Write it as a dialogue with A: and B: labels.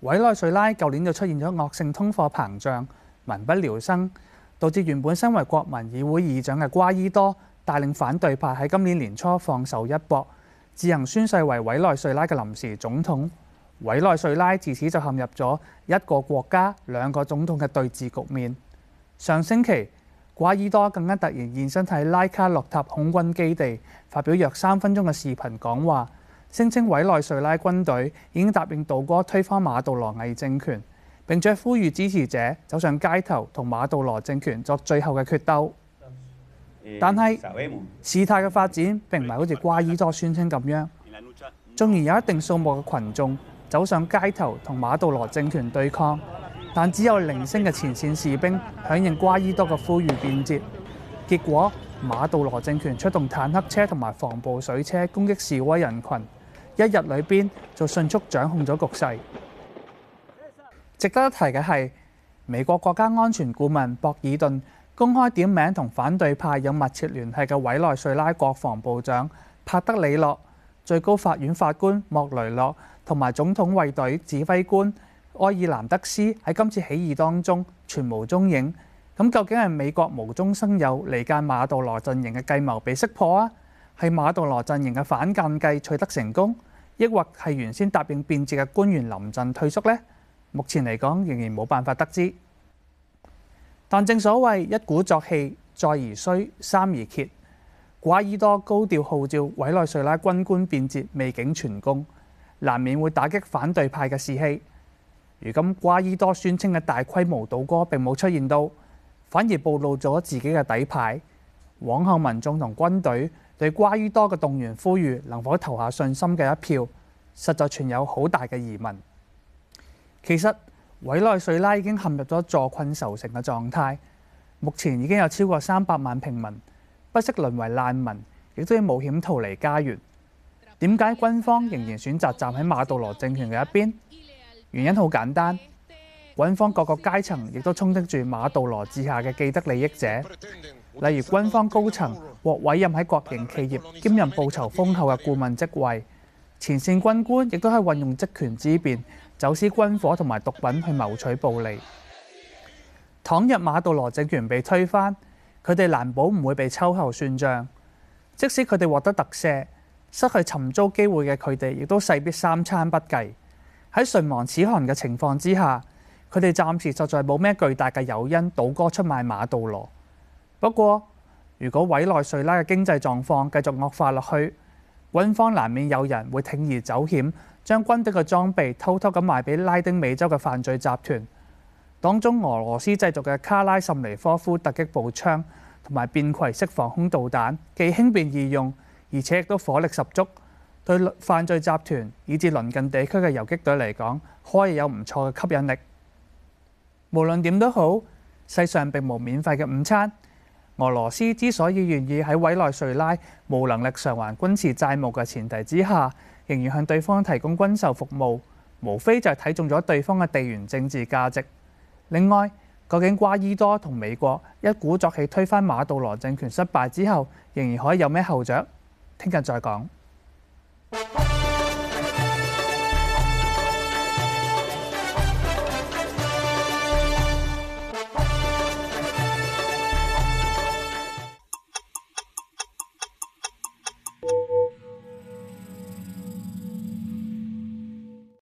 A: 委內瑞拉舊年就出現咗惡性通貨膨脹、民不聊生，導致原本身為國民議會議長嘅瓜伊多帶領反對派喺今年年初放手一搏，自行宣誓為委內瑞拉嘅臨時總統。委內瑞拉自此就陷入咗一個國家兩個總統嘅對峙局面。上星期，瓜伊多更加突然現身喺拉卡洛塔空軍基地發表約三分鐘嘅視頻講話。聲稱委內瑞拉軍隊已經答應倒戈推翻馬杜羅偽政權，並且呼籲支持者走上街頭同馬杜羅政權作最後嘅決鬥。但係事態嘅發展並唔係好似瓜伊多宣稱咁樣，縱然有一定數目嘅群眾走上街頭同馬杜羅政權對抗，但只有零星嘅前線士兵響應瓜伊多嘅呼籲變節。結果馬杜羅政權出動坦克車同埋防暴水車攻擊示威人群。一日裏邊就迅速掌控咗局勢。值得一提嘅係，美國國家安全顧問博爾頓公開點名同反對派有密切聯繫嘅委內瑞拉國防部長帕德里諾、最高法院法官莫雷諾同埋總統衛隊指揮官愛爾南德斯喺今次起義當中全無蹤影。咁究竟係美國無中生有、離間馬杜羅陣營嘅計謀被識破啊？係馬杜羅陣營嘅反間計取得成功，抑或係原先答應變節嘅官員臨陣退縮呢？目前嚟講仍然冇辦法得知。但正所謂一鼓作氣，再而衰，三而竭。瓜伊多高調號召委內瑞拉軍官變節，未竟全功，難免會打擊反對派嘅士氣。如今瓜伊多宣稱嘅大規模倒戈並冇出現到，反而暴露咗自己嘅底牌，往後民眾同軍隊對瓜伊多嘅動員呼籲，能否投下信心嘅一票，實在存有好大嘅疑問。其實委內瑞拉已經陷入咗坐困愁城嘅狀態，目前已經有超過三百萬平民不惜淪為難民，亦都要冒險逃離家園。點解軍方仍然選擇站喺馬杜羅政權嘅一邊？原因好簡單，軍方各個階層亦都充斥住馬杜羅治下嘅既得利益者。例如軍方高層獲委任喺國營企業兼任報酬豐厚嘅顧問職位，前線軍官亦都係運用職權之便走私軍火同埋毒品去謀取暴利。倘若馬杜羅政權被推翻，佢哋難保唔會被秋後算賬。即使佢哋獲得特赦，失去尋租機會嘅佢哋亦都勢必三餐不繼。喺唇亡齒寒嘅情況之下，佢哋暫時實在冇咩巨大嘅誘因，倒戈出賣馬杜羅。不過，如果委內瑞拉嘅經濟狀況繼續惡化落去，軍方難免有人會鋌而走險，將軍隊嘅裝備偷偷咁賣俾拉丁美洲嘅犯罪集團。當中俄羅斯製造嘅卡拉什尼科夫突擊步槍同埋便攜式防空導彈，既輕便易用，而且亦都火力十足，對犯罪集團以至鄰近地區嘅遊擊隊嚟講，可以有唔錯嘅吸引力。無論點都好，世上並冇免費嘅午餐。俄羅斯之所以願意喺委內瑞拉無能力償還軍事債務嘅前提之下，仍然向對方提供軍售服務，無非就係睇中咗對方嘅地緣政治價值。另外，究竟瓜伊多同美國一鼓作氣推翻馬杜羅政權失敗之後，仍然可以有咩後著？聽日再講。